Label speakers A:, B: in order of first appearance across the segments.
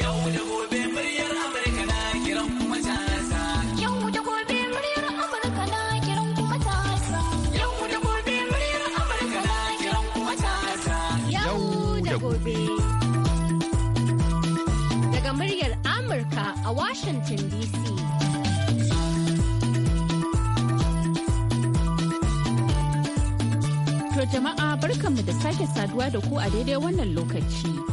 A: Yau da gobe muryar Amurka na kiran
B: Yau da gobe muryar Amurka na kiran Yau da gobe muryar Amurka na kiran Yau da gobe. Daga muryar Amurka a Washington DC.
A: To jama'a barkanmu da sake saduwa da ku a daidai wannan lokaci.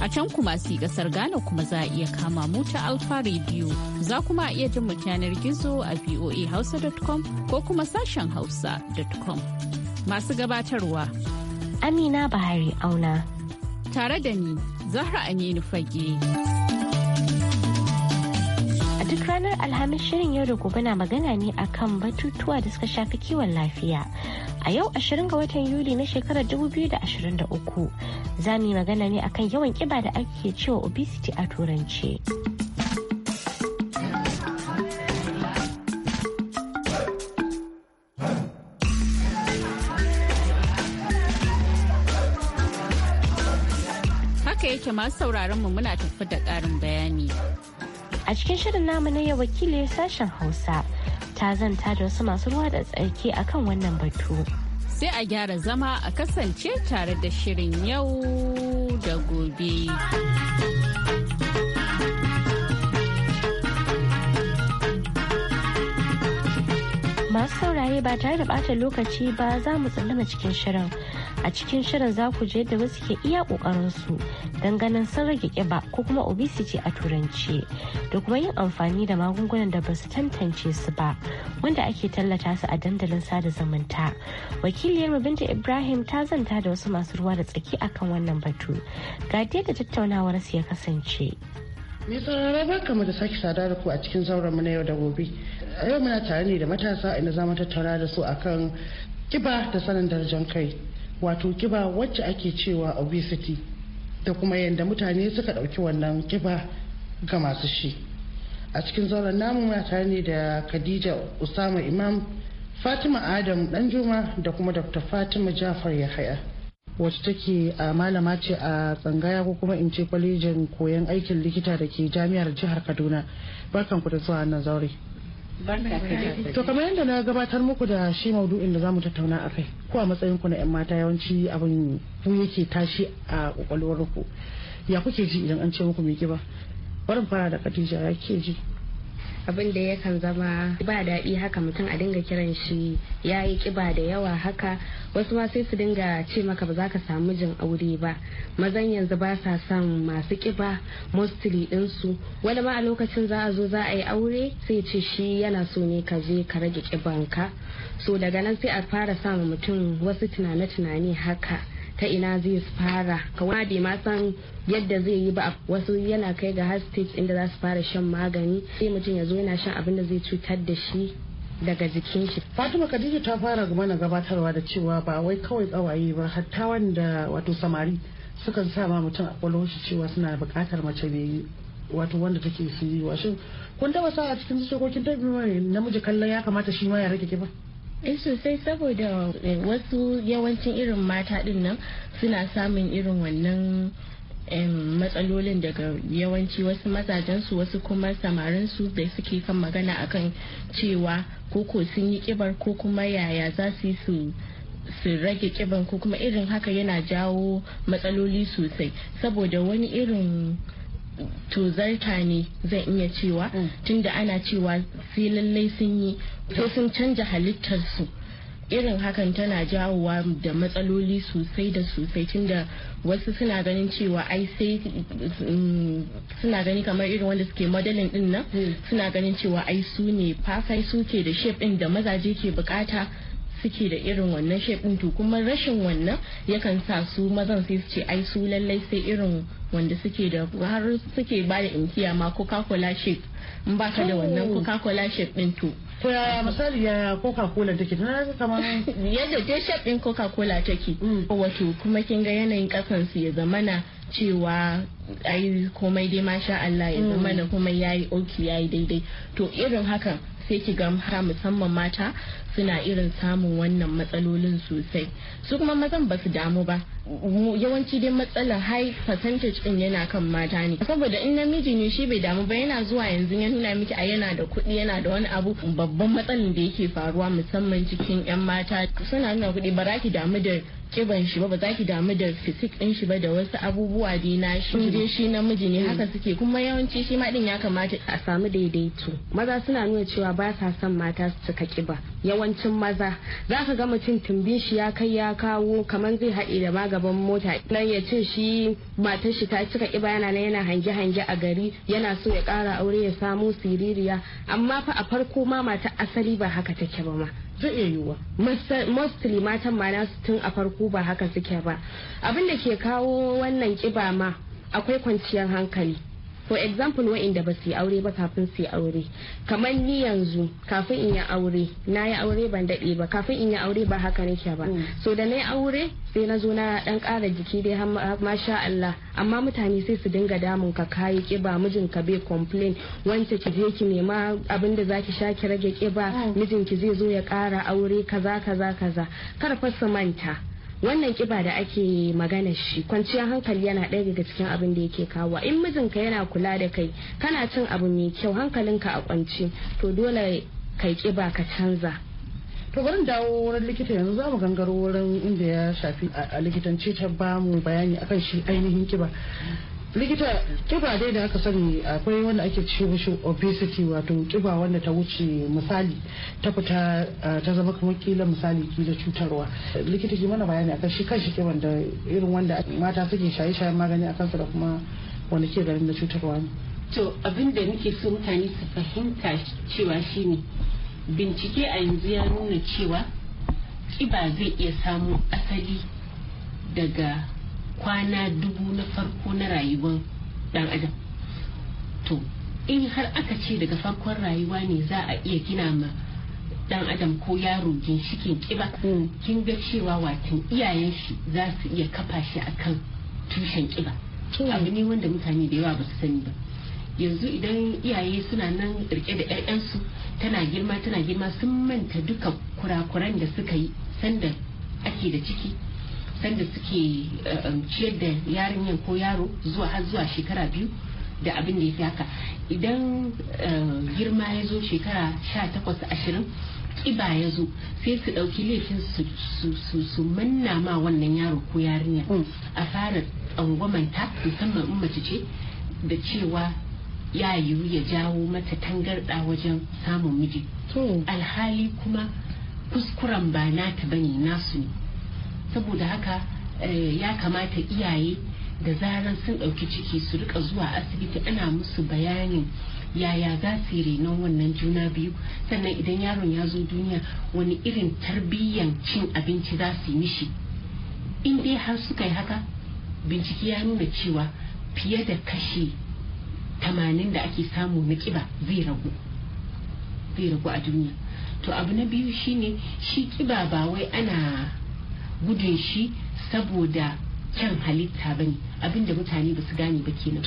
A: A can kuma si kasar Ghana kuma za a iya kama mu ta Alfa Radio. Za kuma iya jin mu yanar gizo a voahausa.com ko kuma sashen hausa.com.
B: Masu gabatarwa. Amina Bahari Auna.
A: Tare da ni, Zahra Aminu Fage.
B: A duk ranar Alhamis shirin yau da gobe na magana ne akan batutuwa da suka shafi kiwon lafiya. A yau 20 ga watan Yuli na shekarar 2023 za mu yi magana ne akan yawan kiba da ake cewa obesity a turance.
A: Haka yake masu sauraron mu muna tafi da ƙarin bayani.
B: A cikin shirin namu na yau wakili sashen Hausa. ta zanta da wasu masu ruwa da tsarki a kan wannan batu.
A: Sai a gyara zama a kasance tare da shirin yau da
B: gobe. Masu saurare ba tare da ɓata lokaci ba za mu tsallama cikin shirin. a cikin shirin za ku je da wasu ke iya ƙoƙarinsu don ganin sun rage kiba ko kuma obesity a turanci da kuma yin amfani da magungunan da ba su tantance su ba wanda ake tallata su a dandalin sada zumunta wakiliyar binta ibrahim ta zanta da wasu masu ruwa da tsaki akan wannan batu ga da tattaunawar su ya kasance
C: mai saurara ba kamar da sake sada da ku a cikin zauren mu na yau da gobe yau muna tare ne da matasa inda za mu tattauna da su akan kiba da sanin darajar kai wato kiba wacce ake cewa obesity da kuma yadda mutane suka ɗauki wannan kiba ga masu shi a cikin zauren namu mata ne da khadija usama imam fatima adam danjuma da kuma dr fatima jafar yahaya wacce take a malama ce a tsangaya ko kuma in ce kwalejin koyon aikin likita da ke jami'ar jihar kaduna barkan ku da zuwa nan zaure
D: To kamar
C: yadda na gabatar muku da shi maudu'in da zamu tattauna a kai ko a matsayin ku na 'yan mata yawanci abin ku yake tashi a kwakwalwar ku ya kuke ji idan an ce muku mai kiba barin fara da Khadija ya ke ji.
E: abin da yakan zama ba daɗi haka mutum a dinga kiran shi ya yi ƙiba da yawa haka wasu ma sai su dinga ce maka ba za ka samu jin aure ba mazan yanzu ba sa son masu ƙiba mostly ɗinsu wani ma a lokacin za a zo za a yi aure sai ce shi yana so ne ka je ka rage ƙibanka so daga nan sai a fara sa mutum wasu tunane-tunane haka ta ina zai fara kawai bai ma san yadda zai yi ba wasu yana kai ga har stage inda za su fara shan magani sai mutum ya zo yana shan abin da zai cutar da shi daga jikin shi. Fatima Khadija ta fara mana gabatarwa
C: da cewa ba wai kawai kawaye ba hatta wanda wato samari sukan sa ma mutum a kwallon shi cewa suna bukatar mace ne wato wanda take wa shin kun taba sa a cikin sokokin tabi namiji kallon ya kamata shi ma ya rage kiba. eh sosai saboda
D: eh, wasu yawancin irin mata din nan suna samun irin wannan matsalolin daga yawanci wasu mazajensu wasu kuma samarinsu da suke kan magana akan cewa koko sun yi kibar ko kuma yaya za su su su rage kiban ko kuma irin haka yana jawo matsaloli sosai saboda wani irin tozarta ne zan iya cewa mm. tunda ana cewa sai lallai sun yi sai sun canja halittarsu irin hakan tana jawowa da matsaloli sosai da sosai tunda wasu suna ganin cewa ai sai mm, suna gani kamar irin wanda suke modelin din nan hmm. suna ganin cewa ai su ne fafai suke da shape din da mazaje ke bukata suke da irin wannan shape din to kuma rashin wannan yakan sa su mazan sai su ce ai su lallai sai irin wanda suke da har suke ba da inkiya ma coca cola shape in baka da wannan oh. coca cola shape din to to yaya misali yaya coca cola take tana ga kamar yadda ta shop din coca cola take mm. wato kuma kin ga yanayin kasan su ya zamana cewa ai komai dai masha Allah ya mm. zamana kuma yayi oki yayi daidai to irin hakan sai ki ga musamman mata suna irin samun wannan matsalolin sosai su kuma mazan ba su damu ba yawanci dai matsalar high percentage din yana kan mata ne saboda in namiji ne shi bai damu ba yana zuwa yanzu ya nuna miki a yana da kuɗi yana da wani abu babban matsalin da yake faruwa musamman cikin 'yan mata suna nuna kuɗi ba za ki damu da kiban shi ba ba za ki damu da fisik din shi ba da wasu abubuwa dai
E: na shi je shi namiji ne haka suke kuma yawanci shi ma din ya kamata a samu daidaito maza suna nuna cewa ba sa son mata su cika kiba yawancin maza za ka ga mutum tumbin shi ya kai ya kawo kamar zai haɗe da magaban mota nan ya ce shi matar shi ta cika ƙiba yana nan yana hange hange a gari yana so ya ƙara aure ya samu siririya amma fa a farko ma mata asali ba haka take ba ma zai iya yiwuwa mostly matan ma nasu tun a farko ba haka suke ba abin da ke kawo wannan ƙiba ma akwai kwanciyar hankali for example wa'inda ba su yi aure ba kafin su yi aure kamar ni yanzu kafin in yi aure na yi aure ban daɗe ba kafin in yi aure ba haka nake ba mm. so da na yi aure sai na zo na dan ƙara jiki dai masha Allah amma mutane sai su dinga damun ka kayi kiba mijin ka bai complain wanda ki je ki nema abin da zaki sha ki rage kiba mm. mijinki zai zo ya ƙara aure kaza kaza kaza kar fa su manta wannan kiba da ake magana shi kwanciyar hankali yana ɗaya daga cikin abin da yake kawo in mijinka yana kula da kai kana cin abu mai kyau hankalinka a kwance to dole kai kiba ka canza
C: to barin dawo wurin likita yanzu za mu gangaro wurin inda ya shafi a likitance ta bamu bayani akan shi ainihin kiba likita kiba dai da aka sani akwai wanda ake ce mishi obesity wato kiba wanda ta wuce misali ta fita ta zama kamar kila misali kila cutarwa likita ki mana bayani akan shi kanshi kiban da irin wanda mata suke shaye-shayen magani akan su da kuma wanda ke garin da cutarwa ne
D: to abin da nake so mutane su fahimta cewa shine bincike a yanzu ya nuna cewa kiba zai iya samu asali daga kwana dubu na farko na rayuwar dan adam to in har aka ce daga farkon rayuwa ne za a iya gina ma dan adam ko yaro ginshikin kiba mm. kin ga cewa watan iyayen shi za su iya kafa shi kan tushen kiba mm. abu ne wanda mutane da yawa ba su sani ba yanzu idan iyaye suna nan rike da 'ya'yansu tana girma tana girma sun manta duka kurakuran da suka yi sanda ake da ciki sanda suke eh, eh, ciyar da yarinyar ko yaro zuwa har zuwa shekara biyu da abin da ya fi haka idan eh, girma ya zo shekara sha takwas ashirin kiba ya zo sai su ɗauki laifin su manna ma wannan yaro ko yarinya mm. a fara tsangwamanta musamman in mace ce da cewa ya yiwu ya jawo mata tangarɗa wajen samun miji alhali kuma kuskuren ba nata bane nasu ne saboda haka eh, ya kamata iyaye da zarar sun ɗauki ciki su rika zuwa asibiti ana musu bayanin yaya za su yi renon wannan juna biyu sannan idan yaron ya zo duniya wani irin tarbiyyan cin abinci za su yi mishi in dai har suka yi haka bincike ya nuna cewa fiye da kashi tamanin da ake samu na kiba zai ragu zai ragu a duniya to abu na biyu shine shi kiba ba wai ana gudun shi saboda kyan halitta ba ne abinda mutane ba su gane ba kenan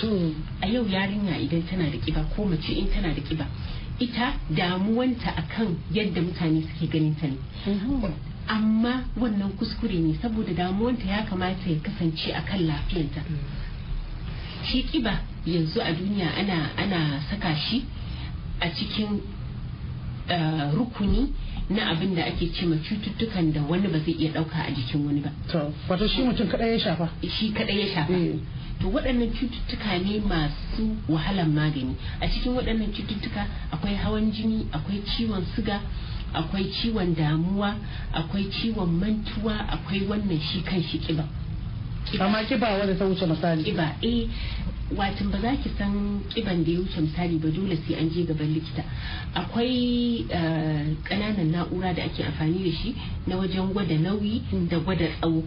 D: a yau yarinya idan tana da kiba ko mace in tana da kiba ita damuwanta akan yadda mutane suke ganin ta ne mhm. amma wannan kuskure ne saboda damuwanta ya kamata ya kasance akan lafiyanta mm. shi kiba yanzu a duniya ana ana saka shi a cikin eh, rukuni na abin da ake ce ma cututtukan da wani ba zai iya dauka a jikin wani ba to wato shi mutum kadai ya shafa shi kadai ya shafa eh. to waɗannan cututtuka ne masu wahalan magani a cikin waɗannan cututtuka akwai hawan jini akwai ciwon suga akwai ciwon damuwa akwai ciwon mantuwa akwai wannan shi kan shi kiba amma kiba wanda ta wuce misali kiba eh watan ba za ki san kiban da ya wuce misali ba dole sai an je gaban likita akwai kananan eh, na'ura da ake amfani da shi na wajen gwada nauyi da gwada tsawo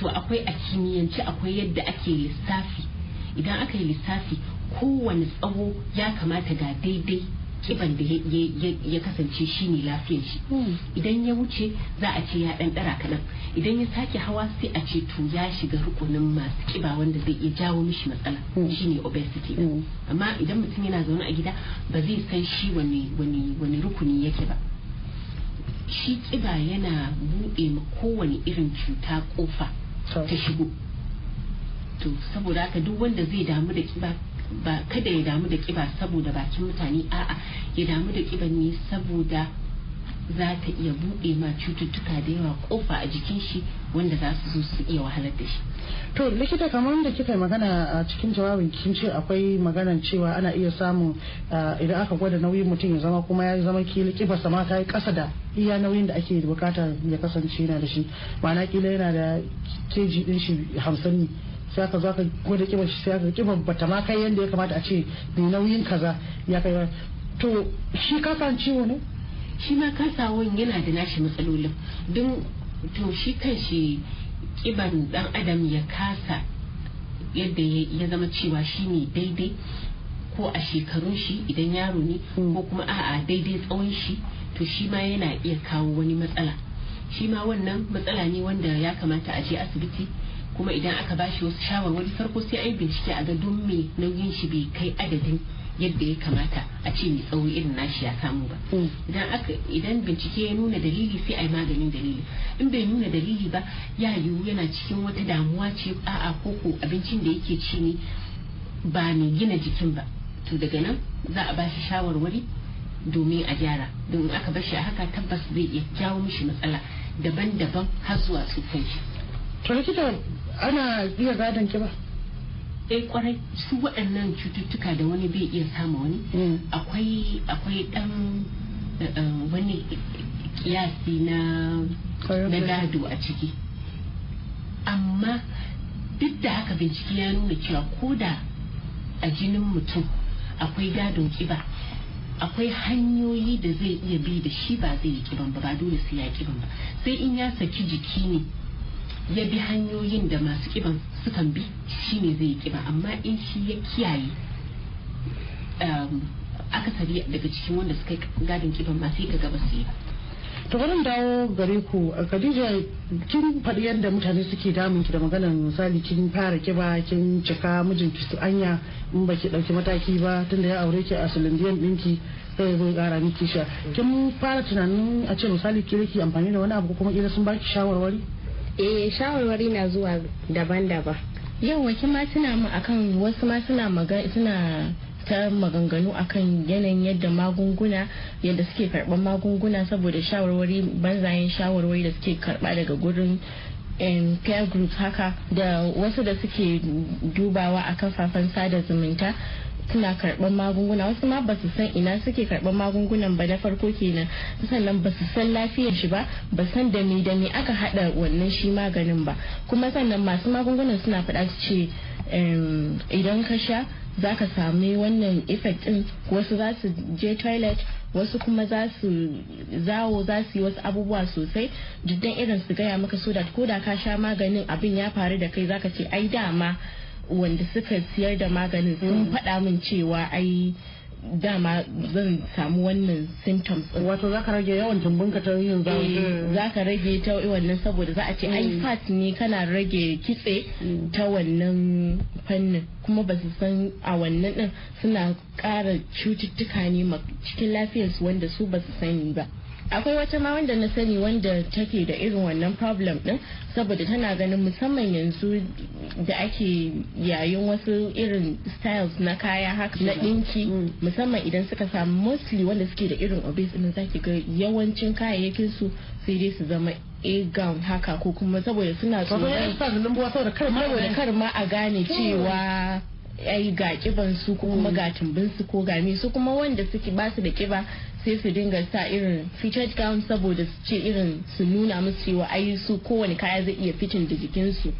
D: to akwai a kimiyyance akwai yadda ake lissafi idan aka yi lissafi kowane tsawo ya kamata ga daidai kiban da ya kasance shi ne lafiyar shi hmm. idan ya wuce za a ce ya dan dara kaɗan idan ya sake hawa sai a ce to ya shiga rukunin masu kiba wanda zai iya jawo mishi matsala hmm. shi ne obesity hmm. amma idan mutum yana zaune a gida ba zai san shi wani rukuni yake ba shi kiba yana buɗe ma kowane irin cuta kofa ta shigo to saboda haka duk wanda zai damu da kiba ba kada ya damu da kiba saboda bakin mutane a'a ya damu da kiba ne saboda za ta iya buɗe ma cututtuka da yawa kofa
C: a jikin shi wanda za su zo su iya wahalar da shi to likita kamar da kika magana a cikin jawabin kin ce akwai maganar cewa ana iya samun idan aka gwada nauyin mutum ya zama kuma ya zama kila kibarsa sama ta yi kasa da iya nauyin da ake bukatar ya kasance yana da shi ma'ana kila yana da keji din shi hamsin ne sai ka zaka gode kiban shi sai ka kiban bata ma kai yanda ya kamata a ce mai nauyin kaza ya kai ba to shi ka san ciwo ne shi ma wani yana da nashi matsalolin don
D: to shi kan shi kiban dan adam ya kasa yadda ya zama cewa shi ne daidai ko a shekarun shi idan yaro ne mm. ko kuma a'a daidai tsawon shi to shi ma yana iya kawo wani matsala shi ma wannan matsala ne wanda ya kamata a je asibiti kuma idan aka bashi wasu shawarwari farko sai ayi bincike a ga don me nauyin shi bai kai adadin yadda ya kamata a ce mai tsawo irin nashi ya samu ba mm. idan aka idan bincike ya nuna dalili sai ayi maganin dalili in bai nuna dalili ba ya yiwu yana cikin wata damuwa ce a'a koko abincin da yake ci ne ba mai gina jikin ba to daga nan za a bashi shawarwari domin a gyara don aka bar shi a haka tabbas zai iya jawo mishi matsala daban-daban har zuwa tsufan shi to likita ana iya gadon kiba eh kwarai su waɗannan cututtuka da wani bai iya sama wani hmm. akwai akwai dan eh, eh, wani kiyasi na na gado a ciki amma duk da haka bincike ya nuna cewa ko da a jinin mutum akwai gadon kiba akwai hanyoyi da zai iya bi da shi ba zai yi kiban ba ba dole sai ya kiban ba sai in ya saki jiki ne ya bi hanyoyin da masu kiban sukan bi shi ne zai kiba amma in shi ya kiyaye um, akasari daga cikin wanda suka gadin kiban masu yi ka gaba su yi
C: to bari dawo gare ku a Khadija kin faɗi yadda mutane suke damun ki da maganar misali kin fara kiba kin cika mijinki su anya in baki ɗauki mataki ba tunda ya aure ki a sulindiyan ɗinki sai zai ƙara miki sha kin fara tunanin a ce misali ki amfani da wani abu kuma kira sun baki shawarwari
E: eh shawarwari na zuwa daban-daban yau wake ma suna mu akan wasu ma suna suna ta maganganu akan yanayin yadda magunguna
D: yadda suke karban magunguna saboda shawarwari banzayen shawarwari da suke karba daga gurin peer group haka da wasu da suke dubawa a kafafen sada zumunta suna karban magunguna wasu ma basu san ina suke karban magungunan ba na farko kenan sannan basu san lafiyar shi ba ba san da me da me aka hada wannan shi maganin ba kuma sannan masu magungunan suna faɗa su ce idan ka sha za ka sami wannan effect din wasu za su je toilet wasu kuma za su zawo za su yi wasu abubuwa sosai duddan irin su gaya maka so da ko da ka sha maganin abin ya faru da kai zaka ce ai dama wanda suka siyar da maganin sun mm. faɗa min cewa ai dama zan samu wannan symptoms wato zaka rage yawan tumbinka ta yin zawo eh, za ka rage ta wannan saboda za a ce ai mm. fat ne kana rage kitse mm. ta wannan fannin kuma ba su san a wannan din suna ƙara cututtuka ne cikin lafiyarsu wanda su ba su sani ba akwai wata ma wanda na sani wanda take da irin wannan problem din saboda tana ganin musamman yanzu da ake yayin wasu irin styles na kaya haka na dinki mm. musamman idan suka samu mostly wanda suke da irin obese din zaki ga yawancin kayayyakin su sai dai su zama a gown haka ko kuma saboda suna tsoron saboda kar ma a gane hmm. cewa ai ga kiban su ko kuma hmm. ga tumbin su ko ga su kuma wanda suke basu da kiba sai su dinga sa irin fitted gown saboda su ce irin su nuna musu cewa ai su kowane kaya zai iya fitin da jikinsu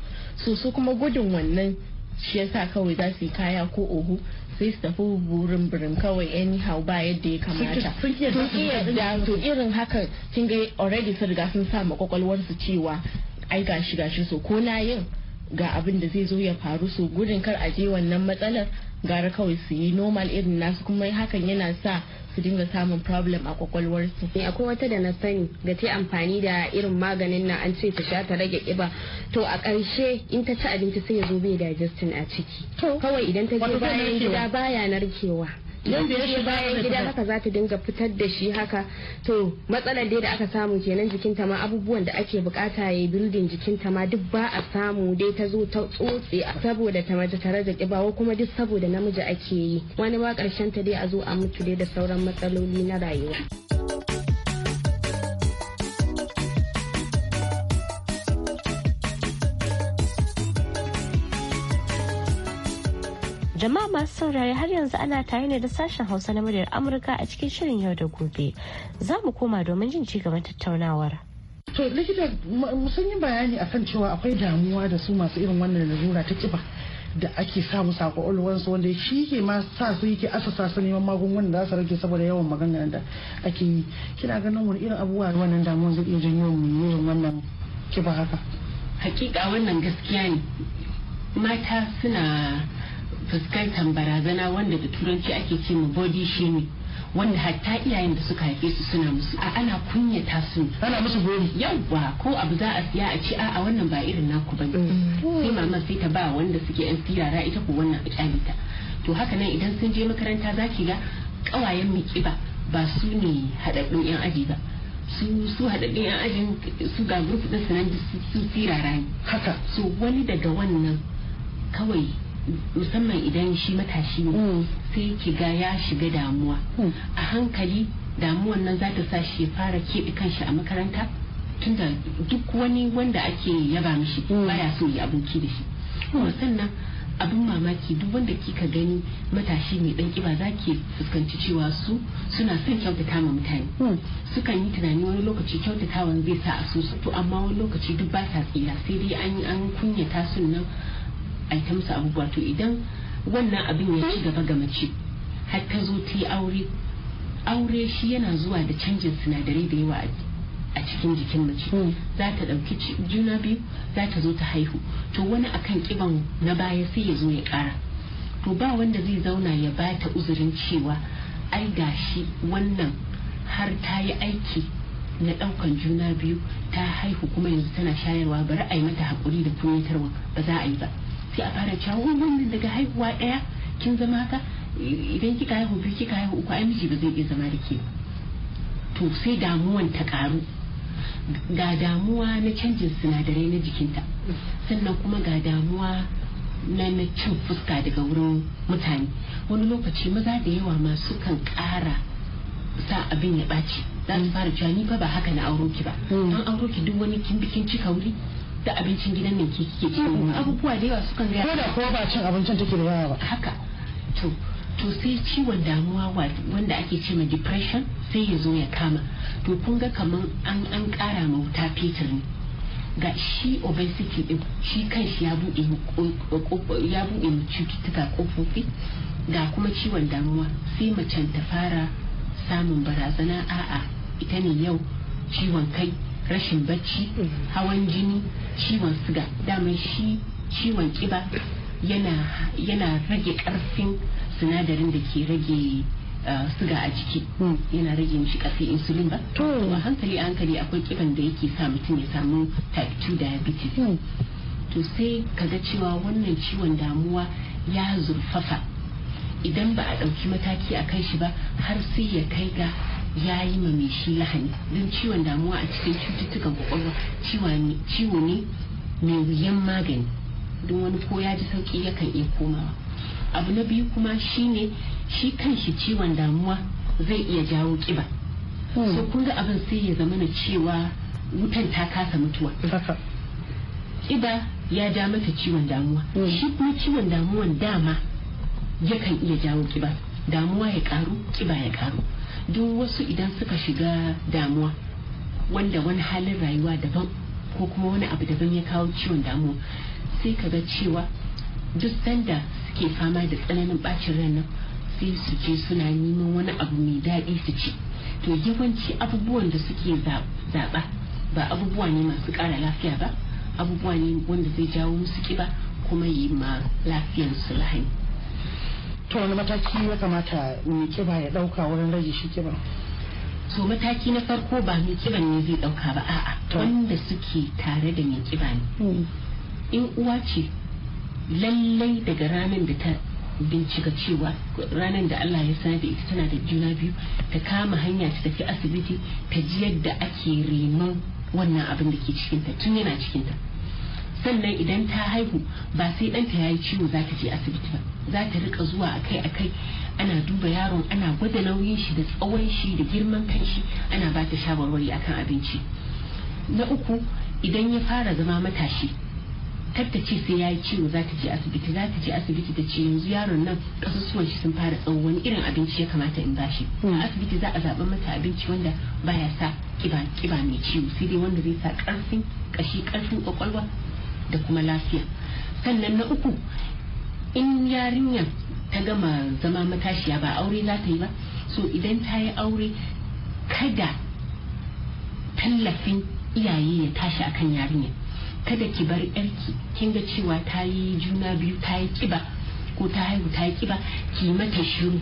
D: so su kuma gudun wannan shi yasa kawai za su yi kaya ko ohu sai su tafi burin burin kawai anyhow ba yadda ya kamata sun iya da to irin haka kin ga already sun riga sun sa su cewa ai gashi gashi so ko na yin ga abin da zai zo ya faru so gudun kar a je
E: wannan matsalar gara kawai su yi normal irin nasu kuma hakan yana sa su dinga samun problem a kwakwalwarsu. Eh, akwai wata da na sani da ta amfani da irin maganin na an ce ta sha ta rage kiba to a ƙarshe in ta ci abinci sai ya zo bai digestion a ciki kawai idan ta je bayan gida baya narkewa yanda ya shiga bayan gida haka za ta dinga fitar da shi haka to matsalar dai da aka samu kenan jikinta ma abubuwan da ake bukata ya bildin jikinta ma duk ba a samu dai ta zo ta tsotse saboda ta mace tare da kiba kuma duk saboda namiji ake yi wani ba karshen ta dai a zo a mutu dai da sauran matsaloli na rayuwa.
B: Jama'a masu saurare har yanzu ana tare ne da sashen Hausa na muryar Amurka a cikin shirin yau da gobe. Za mu koma domin jin ci gaban tattaunawar. To likita
C: sun yi bayani akan cewa akwai damuwa da su masu irin wannan lalura ta kiba da ake samu sako sakwakwalwansu wanda shi ke ma sa su yake asasa su neman magungunan da za su rage saboda yawan magana da ake yi kina ganin wani irin abubuwa wannan damuwa zai iya janyo mu irin wannan kiba haka hakika wannan gaskiya ne mata suna
D: fuskantar barazana wanda da turanci ake ce ma body shaming wanda hatta iyayen da suka haife su suna musu a ana kunyata su ana musu gori yawwa ko abu za a siya a ci a wannan ba irin naku bane mm. sai mama sai ta ba wanda suke yan sirara ita ko wannan ta to haka nan idan sun je makaranta za ki ga kawayen mu ba su ne hadaddun yan aji ba su su hadaddun yan ajin su ga gurfudin sanan su sirara ne haka so wani daga wannan kawai musamman idan shi matashi ne mm. sai ki ga ya shiga damuwa mm. a hankali damuwan nan za ta sa shi fara keɓe kanshi a makaranta tunda duk wani wanda ake yaba mishi mm. baya so ya abinci da shi sannan abin mamaki duk wanda kika gani matashi mai dan kiba za ki fuskanci cewa su suna son kyautata ma mutane sukan yi tunani wani lokaci kyautatawan zai sa a su to amma wani lokaci duk ba sa tsira sai dai an kunyata sun nan a ta musu abubuwa to idan wannan abin ya ci gaba ga mace har ta zo ta yi aure aure shi yana zuwa da canjin sinadarai da yawa a cikin jikin mace hmm. za ta ɗauki juna biyu za ta zo ta haihu to wani akan kiban na baya sai ya zo ya ƙara to ba wanda zai zauna ya ba ta uzurin cewa ai gashi wannan har ta yi aiki na ɗaukan juna biyu ta haihu kuma yanzu tana shayarwa bari a yi mata haƙuri da kunyatarwa ba za a yi ba sai a fara cewa wannan daga haihuwa ɗaya kin zama ka idan kika haihu biyu kika haihu uku ai miji ba zai iya zama da ke to sai damuwan ta karu ga damuwa na canjin sinadarai na jikinta sannan kuma ga damuwa na na cin fuska daga wurin mutane wani lokaci maza da yawa masu kan ƙara sa abin ya ɓaci za su fara cewa ni fa ba haka na auro ba hmm. an auro ki duk wani kin bikin cika wuri da abincin gidan nan ke kike ci mm, abubuwa da yawa sukan gaya ko da ko ba cin abincin take da yawa ba haka to to sai ciwon damuwa wanda ake ce ma depression sai ya zo ya kama to kun ga kaman an an kara ma wuta fetur ne ga shi obesity din shi kan shi ya bude ya bude cututtuka kofofi ga kuma ciwon damuwa sai macen ta fara samun barazana a'a ita ne yau ciwon kai rashin bacci hawan jini ciwon suga daman shi ciwon kiba yana rage karfin sinadarin da ke rage eh, suga a jiki hmm. yana rage mishi karfin insulin ba hmm. to a hankali a hankali akwai kiban da yake sa mutum ya samu type 2 diabetes hmm. to sai kaga cewa wannan ciwon damuwa ya zurfafa idan ba a ɗauki mataki a kai shi ba har sai ya kai ga ya yi ma mai shi lahani don ciwon damuwa a cikin cututtukan kwakwalwa ciwo ne mai wuyan magani don wani ko ya ji sauki yakan iya komawa abu na biyu kuma shi ne shi kanshi ciwon damuwa zai iya jawo kiba hmm. so kun ga abin sai ya zama na cewa wutan ta kasa mutuwa kiba ya ja mata ciwon damuwa hmm. shi kuma ciwon damuwan dama yakan iya jawo kiba damuwa ya karu kiba ya karu duk wasu idan suka shiga damuwa wanda wani halin rayuwa daban ko kuma wani abu daban ya kawo ciwon damuwa sai ka ga cewa duk sanda suke fama da tsananin bacin ran nan sai su je suna neman wani abu mai daɗi su ci to yawanci abubuwan da suke zaɓa ba abubuwa ne masu ƙara lafiya ba abubuwa ne wanda zai jawo musu kiba kuma yi ma su lahani
C: To wani mataki ya kamata mai kiba ya dauka wurin rage shi kiba to mataki na farko ba mai kiban ne zai dauka ba a'a wanda suke tare da
D: mai kiba ne hmm. in uwa ce lallai daga ranar da ta bincika cewa ranar da Allah ya sani da ita tana da juna biyu ta kama hanya ta tafi asibiti ta ji yadda ake renon wannan abin da ke cikinta tun yana cikinta sannan idan ta haihu ba sai ɗanta ya yi ciwo za ta je asibiti ba za ta rika zuwa akai-akai ana duba yaron ana gwada nauyin shi da tsawon shi da girman kanshi ana ba ta shawarwari akan abinci na uku idan ya fara zama matashi kar ce sai ya yi ciwo za ta je asibiti za ta je asibiti ta ce yanzu yaron nan kasusuwan shi sun fara tsawo wani irin abinci ya kamata in bashi hmm. a asibiti za a zaɓi mata abinci wanda baya sa kiba kiba mai ciwo sai dai wanda zai sa ƙarfin ƙashi ƙarfin ƙwaƙwalwa da kuma lafiya sannan na uku in yarinyar ta gama zama matashiya ba aure za ta yi ba so idan ta yi aure kada tallafin iyaye ya tashi akan yarinya kada ki bar yarki kin ga cewa ta yi juna biyu ta yi kiba ko ta haihu ta yi kiba ki mata shiru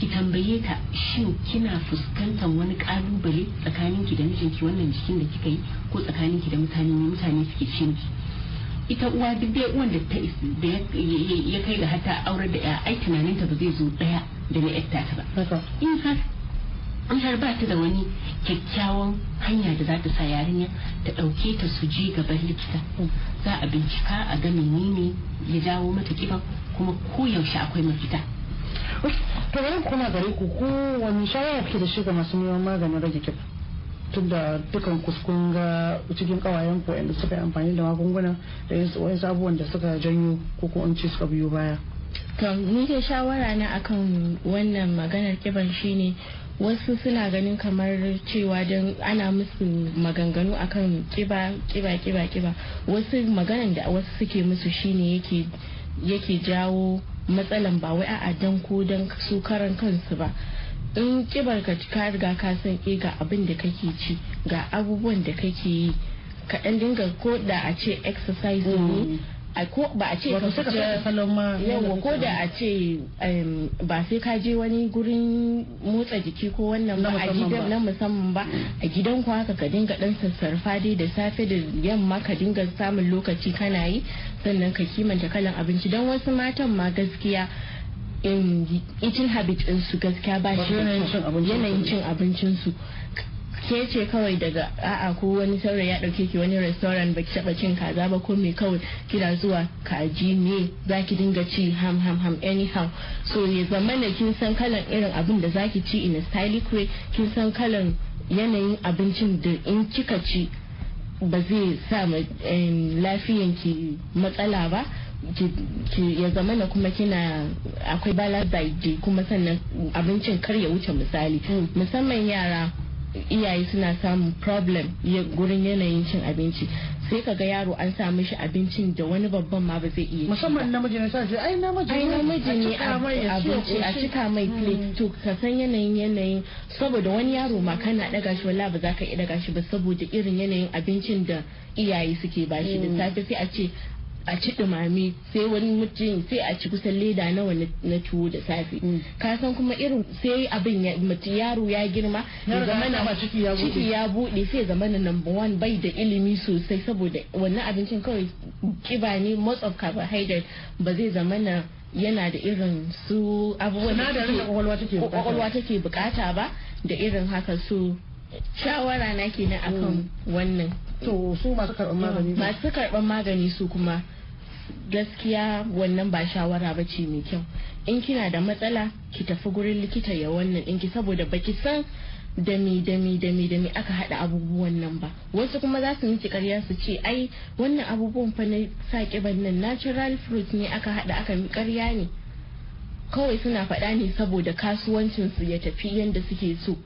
D: ki tambaye ta shin kina fuskantar wani kalubale tsakanin ki da mijinki wannan jikin da kika yi ko tsakanin ki da mutane mutane suke ciniki ita uwa duk dai uwan da ta ya kai ga hata aure da ya ai tunaninta ba zai zo daya da na yarta ta ba in har in har ba ta da wani kyakkyawan hanya da za ta sa yarinya ta ɗauke ta su ji gaban likita za a bincika a ga menene ya jawo mata kiban kuma ko
C: yaushe akwai mafita to wani kuma gare ku ko wani shawara kuke da shi ga masu neman maganin rage kiba tun da dukan kuskun ga cikin kawayen ko suka yi amfani da magunguna da tsawon sabuwan da suka janyo ko ko in suka biyo baya.
D: to ni ke shawara na akan wannan maganar kiban shine wasu suna ganin kamar cewa don ana musu maganganu akan kiba kiba kiba kiba wasu maganan da wasu suke musu shine yake yake jawo matsalan ba wai a'a dan ko dan su karan kansu ba in kibar ka ka riga ka san ke eh, ga abin da kake ci ga abubuwan da kake yi ka dan dinga ko da a ce exercise ne mm. a ko ba a ce ka ma yawa ko da a ce ba sai ka je wani gurin motsa jiki ko wannan ba a gidan na musamman ba mm. a gidan ku haka ka dinga dan sassarfa dai da safe da yamma ka dinga samun lokaci kana yi sannan ka kimanta kalan abinci dan wasu matan ma gaskiya eating habit su gaskiya ba shi yanayin cin abincin su ke ce kawai daga a'a ko wani saurayi ya dauke ki wani restaurant ki taba cin kaza ba ko mai kawai kira zuwa kaji ne ki dinga ci ham ham ham anyhow so ya zama na kin san kalan irin abin da za ki ci in a stylish way kin san kalan yanayin abincin da in kika ci ba zai sa lafiyanki matsala ba ki ya zama na kuma kina akwai balance kuma sannan abincin kar ya wuce misali mm. musamman yara iyaye suna samun problem gurin yanayin cin abinci sai kaga yaro an samu shi abincin da wani babban ma ba zai iya musamman namiji ne sai ai namiji ai namiji ne abinci a cika mai plate mm. to ka san yanayin yanayin saboda wani yaro ma kana daga shi wallahi ba za ka iya daga shi ba saboda irin yanayin abincin da iyaye suke bashi da mm. safe sai a ce a ci dumami sai wani mutum sai a ci kusan leda nawa na tuwo da safe mm. kasan kuma irin sai abin mutum yaro ya girma
E: ciki ya
D: bude sai na number one bai da ilimi sosai saboda wannan abincin kawai kiba ne most of carbohydrate ba zai zamana yana da irin su abubuwan da kwakwalwa take bukata ba da irin haka su shawara na kenan akan mm. wannan to su masu karban magani masu karban magani su kuma gaskiya wannan ba shawara ba ce mai kyau in kina da matsala ki tafi gurin likita ya wannan ɗinki saboda baki san dami dami dami dami aka hada abubuwan nan ba wasu kuma za su miki su ce ai wannan abubuwan fa na sa kiban nan natural fruit ne aka hada aka mi karya ne kawai suna faɗa ne saboda kasuwancinsu ya tafi yadda suke so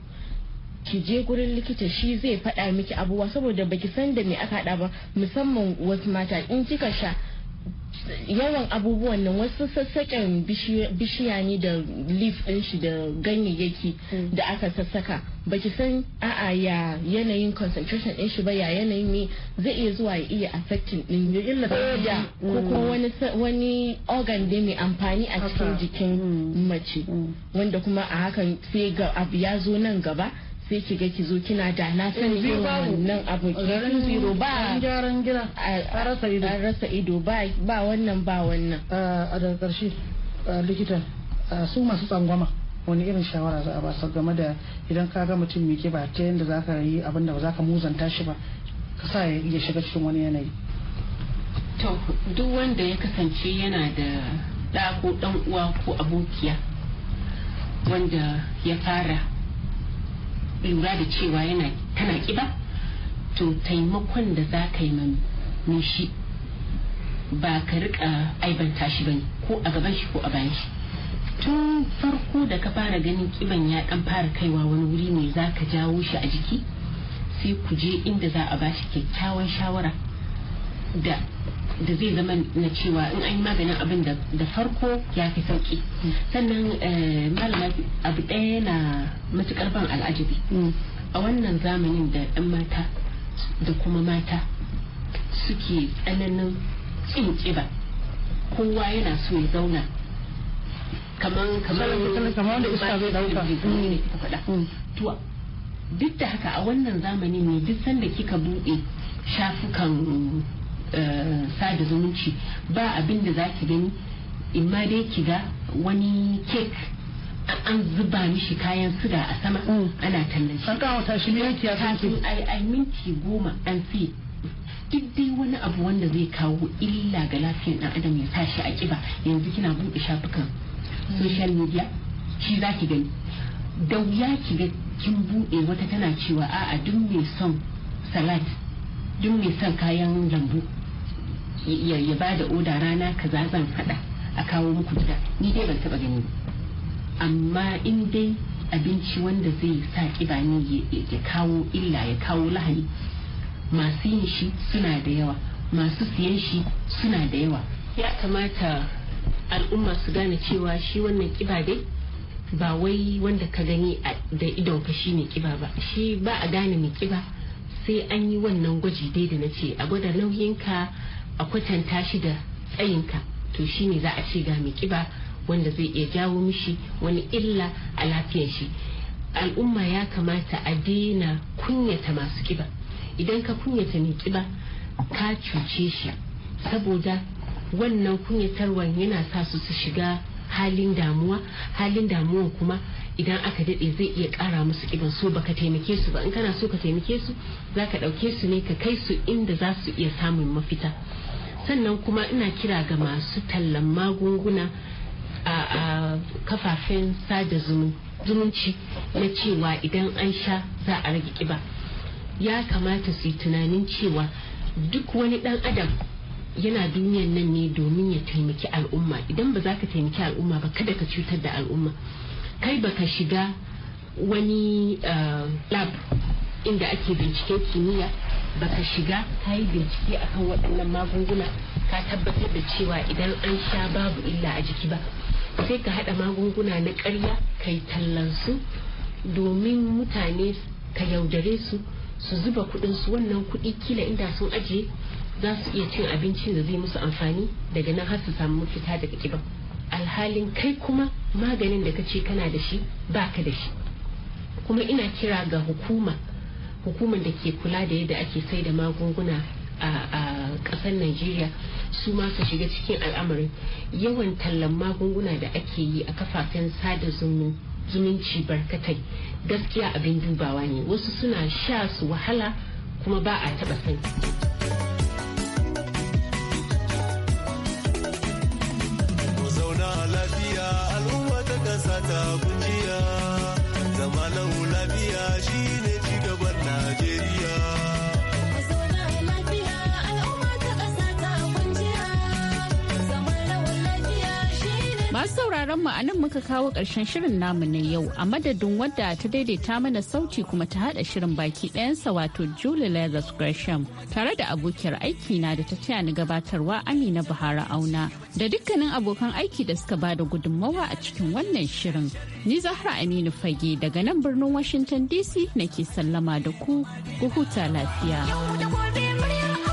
D: ki je gurin likita shi zai faɗa miki abubuwa saboda baki san da me aka haɗa ba musamman wasu mata in kika sha yawan abubuwan nan wasu sassaƙen bishiya ne da leaf ɗin shi da ganyayyaki mm. da aka sassaka baki san a'a ya yanayin concentration ɗin shi ba ya yanayin ne zai iya zuwa ya iya affecting ɗin da mm. ko wani organ da mai amfani a cikin jikin mm. mace wanda kuma a hakan sai ga abu ya zo nan gaba sai ki ga ki zo kina da na sani irin wannan abu garin zero ba gyaran
C: gida a rasa ido an rasa ido ba ba wannan ba wannan a daga karshe likita su masu tsangwama wani irin shawara za a ba su game da idan ka ga mutum mai ba ta yadda za ka yi abin ba za ka muzanta shi ba ka sa ya shiga cikin wani yanayi to duk wanda ya kasance yana da ɗa ko ɗan
D: uwa ko abokiya wanda ya fara lura da cewa yana tana kiba to taimakon da za ka yi mai shi ba ka rika aibanta shi bane ko a gaban shi ko a bayan shi tun farko da ka fara ganin kiban ya dan fara kaiwa wani wuri ne za ka jawo shi a jiki sai ku je inda za a bashi kyakkyawan shawara da da zai zama na cewa in an yi maganin abin da farko ya fi sauki sannan eh, malama abu ɗaya yana matuƙar ban al'ajabi mm. a wannan zamanin da 'yan mata da kuma mata suke tsananin tsin ba. kowa yana so ya zauna kamar kamar kamar wanda iska zai dauka ne kika faɗa mm. to duk da haka a wannan zamani ne duk sanda kika buɗe shafukan Eh, sada zumunci ba abin da za ki gani ma dai ki ga wani kek an zuba mishi kayan suga a sama mm. ana kallon shi. An kawo tashi minti a kanki. Ai minti goma an fi duk dai wani abu wanda zai kawo illa ga lafiyar dan adam ya tashi a kiba yanzu kina buɗe shafukan social media shi za ki gani. Da wuya ki ga kin buɗe wata tana cewa a'a duk mai son salad duk mai son kayan lambu ya ba da oda rana kaza zan hada a kawo muku gida ni dai ban taba gani amma in dai abinci wanda zai sa kiba ne ya kawo illa ya kawo lahani masu yin shi suna da yawa masu siyan shi suna da yawa ya kamata al'umma su gane cewa shi wannan kiba dai ba wai wanda ka gani da idon ka shi ne kiba ba shi ba a gane mai kiba sai an yi wannan gwaji dai da na ce a gwada nauyinka a kwatanta shi da tsayinka to shine za a ce ga mai kiba wanda zai iya jawo mishi wani illa a lafiyan shi al'umma ya kamata a daina kunyata masu kiba idan ka kunyata mai kiba ka cuce shi saboda wannan kunyatarwan yana sa su su shiga halin damuwa halin damuwa kuma idan aka daɗe zai iya ƙara musu kiban so baka taimake su ba in kana so ka taimake su za ka ɗauke su ne ka kai su inda za su iya samun mafita sannan kuma ina kira ga masu tallan magunguna a kafafen sada zumunci na cewa idan an sha za a rage kiba ya kamata su yi tunanin cewa duk wani dan adam yana duniyan nan ne domin ya taimaki al'umma idan ba za ka taimaki al'umma ba kada ka cutar da al'umma kai baka shiga wani eh, lab inda ake binciken kimiyya baka shiga ta yi bincike akan waɗannan magunguna ka tabbatar da cewa idan an sha babu illa a jiki ba sai ka haɗa magunguna na ƙarya ka yi tallansu domin mutane ka yaudare su su zuba kuɗinsu wannan kuɗi kila inda sun ajiye za su iya cin abincin da zai musu amfani daga nan har su samu mafita daga kiba alhalin kai kuma maganin da ka ce kana da shi ba ka da shi kuma ina kira ga hukuma hukumar da ke kula da yadda ake sai da magunguna a kasar najeriya su ma su shiga cikin al'amarin yawan tallan magunguna da ake yi a kafafen sada zumunci barkatai gaskiya abin dubawa ne wasu suna sha su wahala kuma ba a taba sani
A: sauraron a anan muka kawo ƙarshen shirin namu na yau a madadin wadda ta daidaita mana sauti kuma ta hada shirin baki ɗayansa wato Julie Lazarus Gresham tare da abokiyar aiki na da ta taya ni gabatarwa Amina Buhari Auna da dukkanin abokan aiki da suka ba da gudunmawa a cikin wannan shirin. Ni Zahra Aminu Fage daga nan birnin Washington DC nake sallama da ku ku huta
B: lafiya.